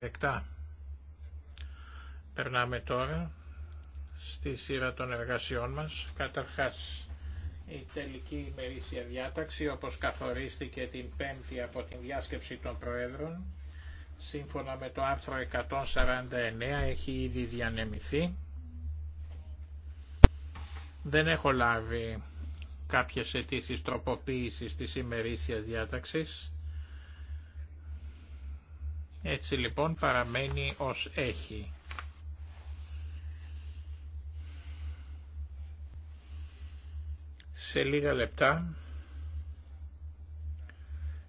Εκτά. Περνάμε τώρα στη σειρά των εργασιών μας. Καταρχάς, η τελική ημερήσια διάταξη, όπως καθορίστηκε την Πέμπτη από την διάσκεψη των Προέδρων, σύμφωνα με το άρθρο 149, έχει ήδη διανεμηθεί. Δεν έχω λάβει κάποιες αιτήσει τροποποίησης της ημερήσιας διάταξης. Έτσι λοιπόν παραμένει ως έχει. Σε λίγα λεπτά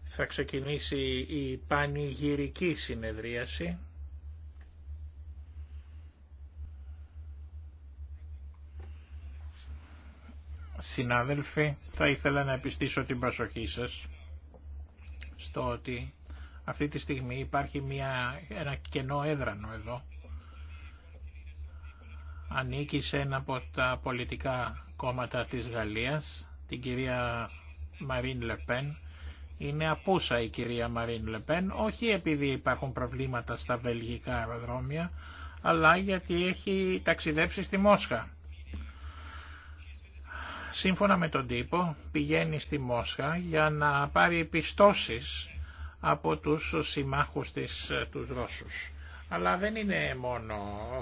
θα ξεκινήσει η πανηγυρική συνεδρίαση. Συνάδελφοι, θα ήθελα να επιστήσω την προσοχή σας στο ότι αυτή τη στιγμή υπάρχει μια, ένα κενό έδρανο εδώ. Ανήκει σε ένα από τα πολιτικά κόμματα της Γαλλίας, την κυρία Μαρίν Λεπέν. Είναι απούσα η κυρία Μαρίν Λεπέν, όχι επειδή υπάρχουν προβλήματα στα βελγικά αεροδρόμια, αλλά γιατί έχει ταξιδέψει στη Μόσχα. Σύμφωνα με τον τύπο πηγαίνει στη Μόσχα για να πάρει πιστώσεις από τους συμμάχους της, τους Ρώσους. Αλλά δεν είναι μόνο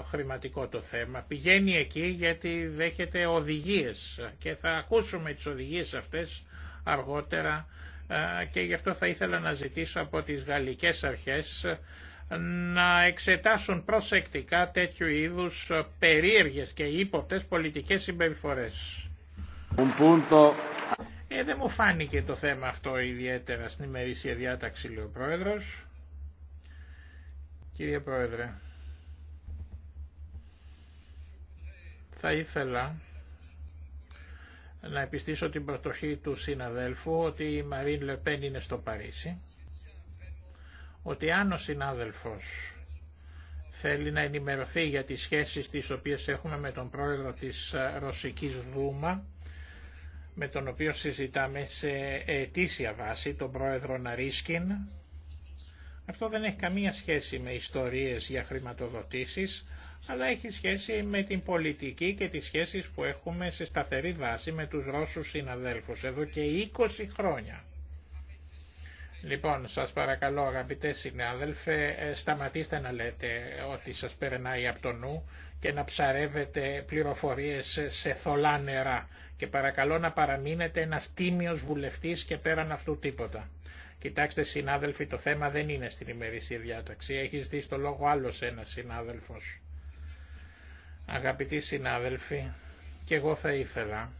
χρηματικό το θέμα. Πηγαίνει εκεί γιατί δέχεται οδηγίες και θα ακούσουμε τις οδηγίες αυτές αργότερα ε, και γι' αυτό θα ήθελα να ζητήσω από τις γαλλικές αρχές ε, να εξετάσουν προσεκτικά τέτοιου είδους περίεργες και ύποπτες πολιτικές συμπεριφορές. Ε, δεν μου φάνηκε το θέμα αυτό ιδιαίτερα στην ημερήσια διάταξη, λέει ο Πρόεδρος. Κύριε Πρόεδρε, θα ήθελα να επιστήσω την προσοχή του συναδέλφου ότι η Μαρίν Λεπέν είναι στο Παρίσι, ότι αν ο συνάδελφος θέλει να ενημερωθεί για τις σχέσεις τις οποίες έχουμε με τον πρόεδρο της Ρωσικής Δούμα, με τον οποίο συζητάμε σε ετήσια βάση, τον πρόεδρο Ναρίσκιν. Αυτό δεν έχει καμία σχέση με ιστορίες για χρηματοδοτήσεις, αλλά έχει σχέση με την πολιτική και τις σχέσεις που έχουμε σε σταθερή βάση με τους Ρώσους συναδέλφους εδώ και 20 χρόνια. Λοιπόν, σας παρακαλώ αγαπητέ συνάδελφε, ε, σταματήστε να λέτε ότι σας περνάει από το νου και να ψαρεύετε πληροφορίες σε θολά νερά και παρακαλώ να παραμείνετε ένας τίμιος βουλευτής και πέραν αυτού τίποτα. Κοιτάξτε συνάδελφοι, το θέμα δεν είναι στην ημερήσια διάταξη. Έχει δει στο λόγο άλλος ένας συνάδελφος. Αγαπητοί συνάδελφοι, και εγώ θα ήθελα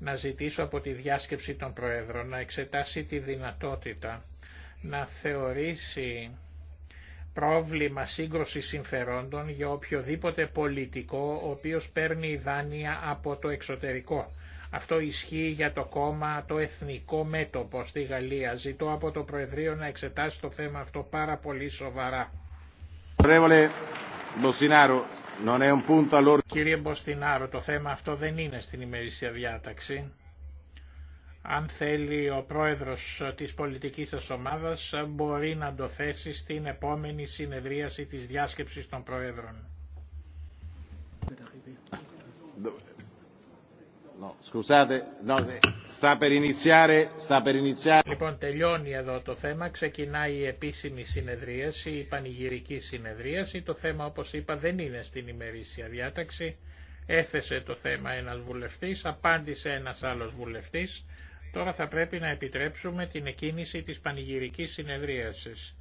να ζητήσω από τη διάσκεψη των Προέδρων να εξετάσει τη δυνατότητα να θεωρήσει πρόβλημα σύγκρουσης συμφερόντων για οποιοδήποτε πολιτικό ο οποίος παίρνει δάνεια από το εξωτερικό. Αυτό ισχύει για το κόμμα, το εθνικό μέτωπο στη Γαλλία. Ζητώ από το Προεδρείο να εξετάσει το θέμα αυτό πάρα πολύ σοβαρά. Κύριε Μποστινάρο, το θέμα αυτό δεν είναι στην ημερήσια διάταξη. Αν θέλει ο πρόεδρος της πολιτικής σας ομάδας μπορεί να το θέσει στην επόμενη συνεδρίαση της διάσκεψης των πρόεδρων. Λοιπόν, τελειώνει εδώ το θέμα. Ξεκινάει η επίσημη συνεδρίαση, η πανηγυρική συνεδρίαση. Το θέμα, όπως είπα, δεν είναι στην ημερήσια διάταξη. Έθεσε το θέμα ένας βουλευτής, απάντησε ένας άλλος βουλευτής. Τώρα θα πρέπει να επιτρέψουμε την εκκίνηση της πανηγυρικής συνεδρίασης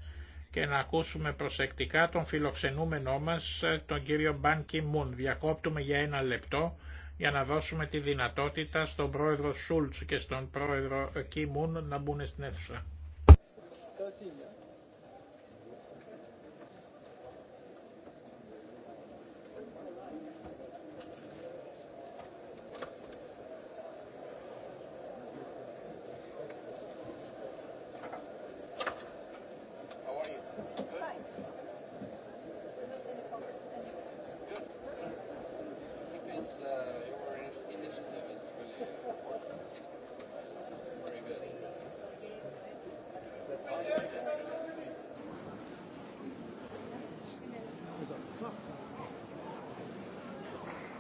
και να ακούσουμε προσεκτικά τον φιλοξενούμενό μας, τον κύριο Μπαν Κιμούν. Διακόπτουμε για ένα λεπτό για να δώσουμε τη δυνατότητα στον πρόεδρο Σούλτς και στον πρόεδρο Κίμουν να μπουν στην αίθουσα.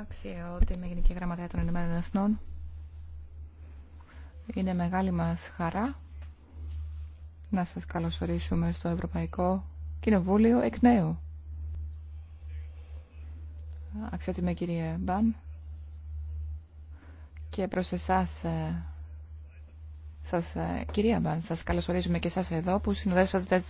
Αξιότιμη Γενική Γραμματέα των Ηνωμένων Εθνών, είναι μεγάλη μας χαρά να σας καλωσορίσουμε στο Ευρωπαϊκό Κοινοβούλιο εκ νέου. Αξιότιμη κυρία Μπαν, και προς εσάς ε, σας, ε, κυρία Μπαν, σας καλωσορίζουμε και εσάς εδώ που συνοδεύσατε